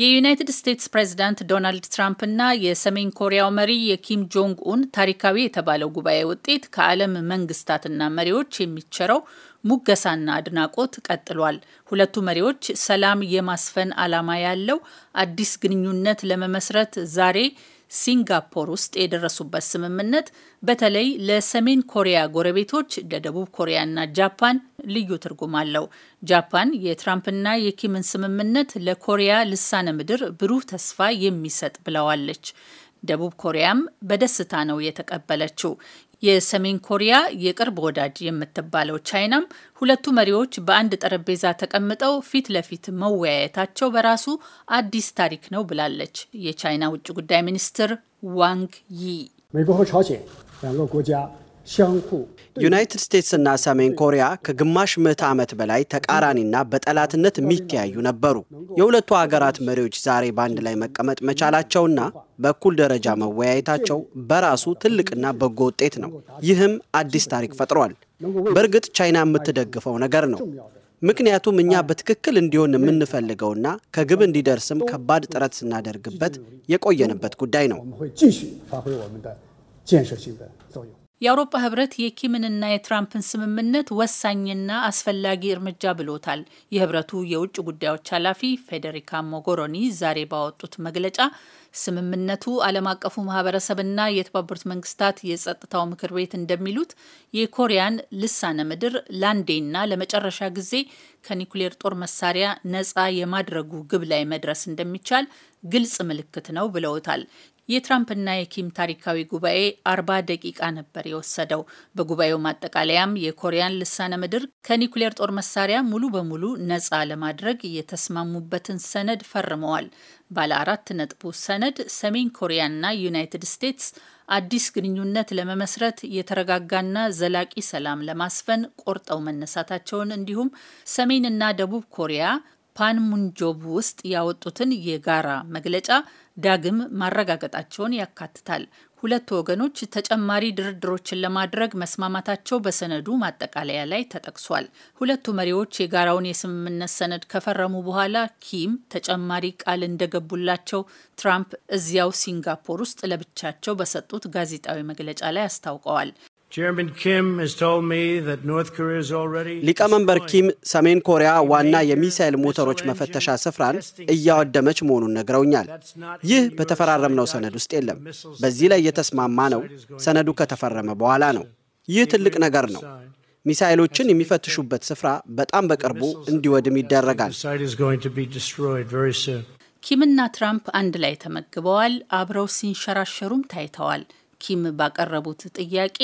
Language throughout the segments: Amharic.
የዩናይትድ ስቴትስ ፕሬዝዳንት ዶናልድ ትራምፕና የሰሜን ኮሪያው መሪ የኪም ጆንግ ኡን ታሪካዊ የተባለው ጉባኤ ውጤት ከዓለም መንግስታትና መሪዎች የሚቸረው ሙገሳና አድናቆት ቀጥሏል። ሁለቱ መሪዎች ሰላም የማስፈን ዓላማ ያለው አዲስ ግንኙነት ለመመስረት ዛሬ ሲንጋፖር ውስጥ የደረሱበት ስምምነት በተለይ ለሰሜን ኮሪያ ጎረቤቶች ለደቡብ ኮሪያና ጃፓን ልዩ ትርጉም አለው። ጃፓን የትራምፕና የኪምን ስምምነት ለኮሪያ ልሳነ ምድር ብሩህ ተስፋ የሚሰጥ ብለዋለች። ደቡብ ኮሪያም በደስታ ነው የተቀበለችው። የሰሜን ኮሪያ የቅርብ ወዳጅ የምትባለው ቻይናም ሁለቱ መሪዎች በአንድ ጠረጴዛ ተቀምጠው ፊት ለፊት መወያየታቸው በራሱ አዲስ ታሪክ ነው ብላለች የቻይና ውጭ ጉዳይ ሚኒስትር ዋንግ ይ ዩናይትድ እና ሰሜን ኮሪያ ከግማሽ ምዕተ ዓመት በላይ ተቃራኒና በጠላትነት የሚተያዩ ነበሩ። የሁለቱ ሀገራት መሪዎች ዛሬ በአንድ ላይ መቀመጥ መቻላቸውና በእኩል ደረጃ መወያየታቸው በራሱ ትልቅና በጎ ውጤት ነው። ይህም አዲስ ታሪክ ፈጥሯል። በእርግጥ ቻይና የምትደግፈው ነገር ነው። ምክንያቱም እኛ በትክክል እንዲሆን የምንፈልገውና ከግብ እንዲደርስም ከባድ ጥረት ስናደርግበት የቆየንበት ጉዳይ ነው። የአውሮፓ ህብረት የኪምንና የትራምፕን ስምምነት ወሳኝና አስፈላጊ እርምጃ ብሎታል። የህብረቱ የውጭ ጉዳዮች ኃላፊ ፌዴሪካ ሞጎሮኒ ዛሬ ባወጡት መግለጫ ስምምነቱ ዓለም አቀፉ ማህበረሰብና የተባበሩት መንግስታት የጸጥታው ምክር ቤት እንደሚሉት የኮሪያን ልሳነ ምድር ላንዴና ለመጨረሻ ጊዜ ከኒኩሌር ጦር መሳሪያ ነፃ የማድረጉ ግብ ላይ መድረስ እንደሚቻል ግልጽ ምልክት ነው ብለውታል። የትራምፕና የኪም ታሪካዊ ጉባኤ አርባ ደቂቃ ነበር የወሰደው። በጉባኤው ማጠቃለያም የኮሪያን ልሳነ ምድር ከኒኩሌር ጦር መሳሪያ ሙሉ በሙሉ ነጻ ለማድረግ የተስማሙበትን ሰነድ ፈርመዋል። ባለ አራት ነጥቡ ሰነድ ሰሜን ኮሪያና ዩናይትድ ስቴትስ አዲስ ግንኙነት ለመመስረት የተረጋጋና ዘላቂ ሰላም ለማስፈን ቆርጠው መነሳታቸውን እንዲሁም ሰሜንና ደቡብ ኮሪያ ፓንሙንጆብ ውስጥ ያወጡትን የጋራ መግለጫ ዳግም ማረጋገጣቸውን ያካትታል። ሁለቱ ወገኖች ተጨማሪ ድርድሮችን ለማድረግ መስማማታቸው በሰነዱ ማጠቃለያ ላይ ተጠቅሷል። ሁለቱ መሪዎች የጋራውን የስምምነት ሰነድ ከፈረሙ በኋላ ኪም ተጨማሪ ቃል እንደገቡላቸው ትራምፕ እዚያው ሲንጋፖር ውስጥ ለብቻቸው በሰጡት ጋዜጣዊ መግለጫ ላይ አስታውቀዋል። ሊቀመንበር ኪም ሰሜን ኮሪያ ዋና የሚሳኤል ሞተሮች መፈተሻ ስፍራን እያወደመች መሆኑን ነግረውኛል። ይህ በተፈራረምነው ሰነድ ውስጥ የለም። በዚህ ላይ የተስማማ ነው ሰነዱ ከተፈረመ በኋላ ነው። ይህ ትልቅ ነገር ነው። ሚሳኤሎችን የሚፈትሹበት ስፍራ በጣም በቅርቡ እንዲወድም ይደረጋል። ኪምና ትራምፕ አንድ ላይ ተመግበዋል። አብረው ሲንሸራሸሩም ታይተዋል። ኪም ባቀረቡት ጥያቄ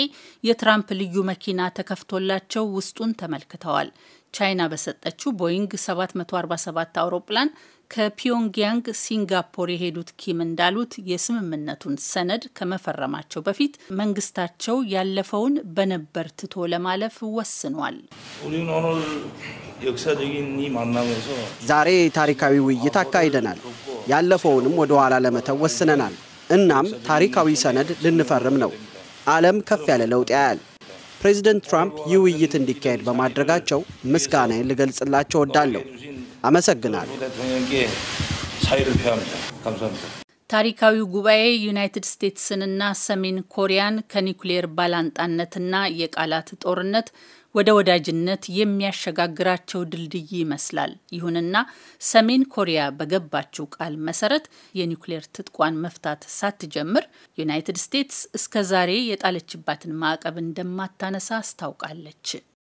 የትራምፕ ልዩ መኪና ተከፍቶላቸው ውስጡን ተመልክተዋል። ቻይና በሰጠችው ቦይንግ 747 አውሮፕላን ከፒዮንግያንግ ሲንጋፖር የሄዱት ኪም እንዳሉት የስምምነቱን ሰነድ ከመፈረማቸው በፊት መንግስታቸው ያለፈውን በነበር ትቶ ለማለፍ ወስኗል። ዛሬ ታሪካዊ ውይይት አካሂደናል። ያለፈውንም ወደ ኋላ ለመተው ወስነናል። እናም ታሪካዊ ሰነድ ልንፈርም ነው። ዓለም ከፍ ያለ ለውጥ ያያል። ፕሬዚደንት ትራምፕ ይህ ውይይት እንዲካሄድ በማድረጋቸው ምስጋናዬን ልገልጽላቸው እወዳለሁ። አመሰግናለሁ። ታሪካዊው ጉባኤ ዩናይትድ ስቴትስንና ሰሜን ኮሪያን ከኒውክሌር ባላንጣነትና የቃላት ጦርነት ወደ ወዳጅነት የሚያሸጋግራቸው ድልድይ ይመስላል። ይሁንና ሰሜን ኮሪያ በገባችው ቃል መሰረት የኒውክሌር ትጥቋን መፍታት ሳትጀምር ዩናይትድ ስቴትስ እስከ ዛሬ የጣለችባትን ማዕቀብ እንደማታነሳ አስታውቃለች።